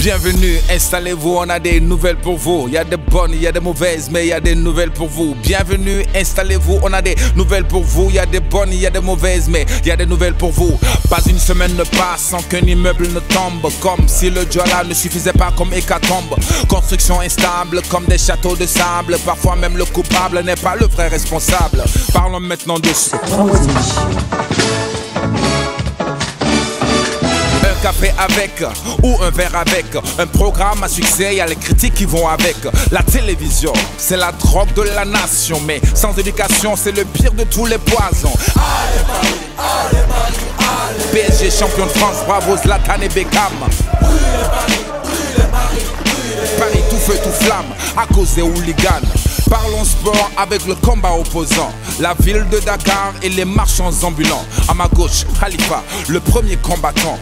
Bienvenue, installez-vous, on a des nouvelles pour vous. Il y a des bonnes, il y a des mauvaises, mais il y a des nouvelles pour vous. Bienvenue, installez-vous, on a des nouvelles pour vous. Il y a des bonnes, il y a des mauvaises, mais il y a des nouvelles pour vous. Pas une semaine ne passe sans qu'un immeuble ne tombe, comme si le journal ne suffisait pas comme hécatombe. Construction instable, comme des châteaux de sable. Parfois même le coupable n'est pas le vrai responsable. Parlons maintenant de ce. avec ou un verre avec. Un programme à succès, y'a les critiques qui vont avec. La télévision, c'est la drogue de la nation, mais sans éducation, c'est le pire de tous les poisons. Allez, PSG champion de France, bravo Zlatan et Beckham. Paris, Paris tout feu tout flamme à cause des hooligans. Parlons sport avec le combat opposant. La ville de Dakar et les marchands ambulants. À ma gauche, Khalifa, le premier combattant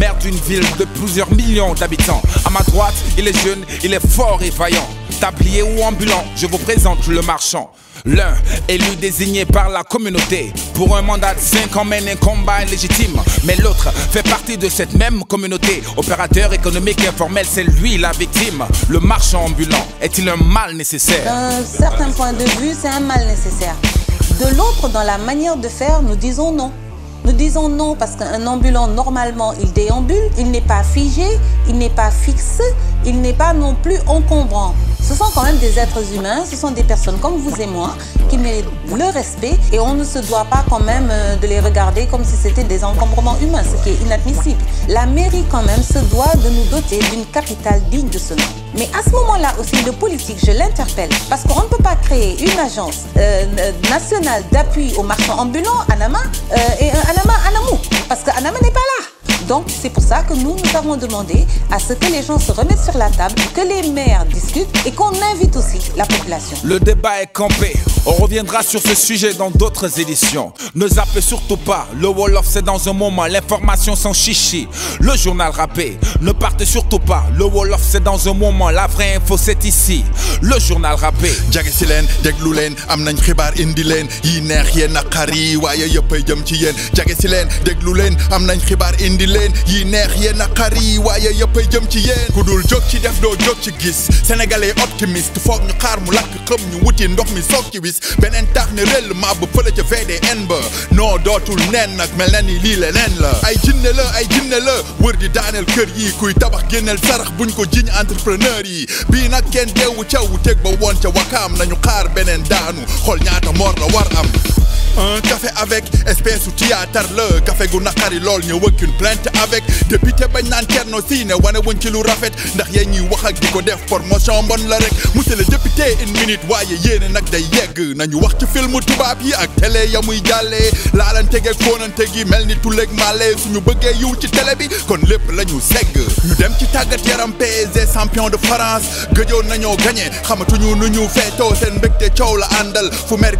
maire d'une ville de plusieurs millions d'habitants. À ma droite, il est jeune, il est fort et vaillant. Tablier ou ambulant, je vous présente le marchand. L'un, élu désigné par la communauté pour un mandat de 5 ans mène un combat illégitime Mais l'autre fait partie de cette même communauté. Opérateur économique informel, c'est lui la victime. Le marchand ambulant est-il un mal nécessaire D'un certain point de vue, c'est un mal nécessaire. De l'autre, dans la manière de faire, nous disons non. Nous disons non parce qu'un ambulant, normalement, il déambule, il n'est pas figé, il n'est pas fixe, il n'est pas non plus encombrant. Ce sont quand même des êtres humains, ce sont des personnes comme vous et moi qui méritent le respect et on ne se doit pas quand même euh, de les regarder comme si c'était des encombrements humains, ce qui est inadmissible. La mairie quand même se doit de nous doter d'une capitale digne de ce nom. Mais à ce moment-là aussi, de politique, je l'interpelle. Parce qu'on ne peut pas créer une agence euh, euh, nationale d'appui aux marchands ambulants, Anama, euh, et un Anama Anamou. Parce qu'Anama n'est pas là. Donc, c'est pour ça que nous, nous avons demandé à ce que les gens se remettent sur la table, que les maires discutent et qu'on invite aussi la population. Le débat est campé. On reviendra sur ce sujet dans d'autres éditions. Ne zappez surtout pas. Le wall of c'est dans un moment. L'information sans chichi. Le journal rappé. Ne partez surtout pas. Le wall of c'est dans un moment. La vraie info, c'est ici. Le journal rappé. jagsi Degloulen, indi yi leen yi neex yéen a xari waaye yëpp a jëm ci yéen ku dul jóg ci def doo jóg ci gis sénégalais optimiste foog ñu xaar mu lakk xëm ñu wuti ndox mi soog ci wis beneen tax ne rel ma bu fële ca VDN ba non dootul neen nag mel na ni lii leneen la ay jinne la ay jinne la wër di daaneel kër yi kuy tabax génneel sarax buñ ko jiñ entrepreneur yi bii nag kenn deewu caw teg ba woon ca wakaam nañu xaar beneen daanu xol ñaata mor la war am un café avec espèce ou théâtre le café gu Lol, lol a aucune plainte avec député bañ si ne wane nous ci lu rafet ndax wax ak nous def promotion rek le député une minute nous day yegg nañu wax ci film tubaab yi ak télé ya la télé bi kon lip la ñu dem ci PSG champion de France gëjoon xamatuñu ñu feto Sen la andal fu mer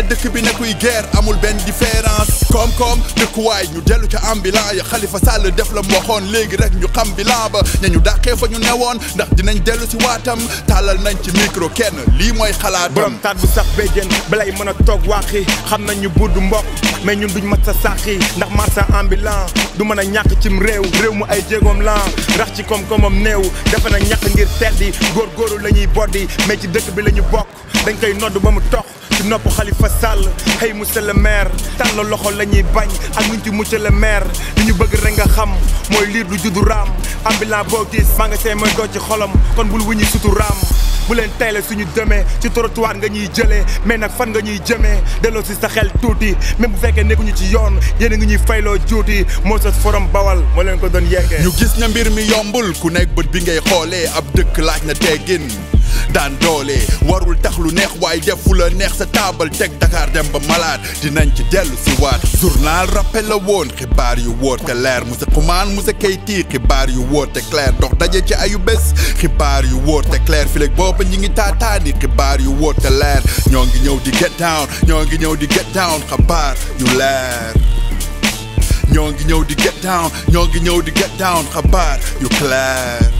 taal dëkk bi ne kuy guerre amul ben difference comme comme de quoi ñu delu ci ambulant ya Khalifa Sall def la mu waxoon léegi rek ñu xam bi ba ña ñu daxé fa ñu newon ndax dinañ delu ci watam talal nañ ci micro kenn li moy xalaat borom taat bu sax béjjén balay mën a toog waaxi xam nañ ñu budd mbokk mais ñun duñ ma sa saxi ndax marchand ambulant du mëna ñak ci rew rew mu ay jéegoom la rax ci comme comme am new dafa na ñak ngir teddi gor goru lañuy boddi mais ci dëkk bi lañu bok dañ koy noddu ba mu tok ci nopp Khalifa Sall hey monsieur le maire la loxo la ñuy bañ ak ñu ci monsieur le maire li ñu bëgg rek nga xam mooy liir lu juddu raam ambulant boo gis maa nga seen mooy doo ci xolam kon bul wuñu sutu raam bu leen teyle suñu demee ci trottoir nga ñuy jëlee mais nag fan nga ñuy jëmee delloo si sa xel tuuti même bu fekkee nekkuñu ci yoon yeneen nga ngi ñuy fayloo juuti moo sos forom bawal moo leen ko doon yeggee. ñu gis na mbir mi yombul ku nekk bët bi ngay xoolee ab dëkk laaj na teggin daan doole warul tax lu neex waaye def la neex sa table teg Dakar dem ba malade dinañ ci dellu si waat journal rappel la woon xibaar yu wóor te leer monsieur Xuman monsieur Keyti xibaar yu wóor te clair dox daje ci ayu bés xibaar yu wóor te clair fileeg booba ñi ngi taataani xibaar yu wóor leer ñoo ngi ñëw di get down ñoo ngi ñëw di get down xibaar yu leer ñoo ngi ñëw di get down ñoo ngi ñëw di get down xibaar yu clair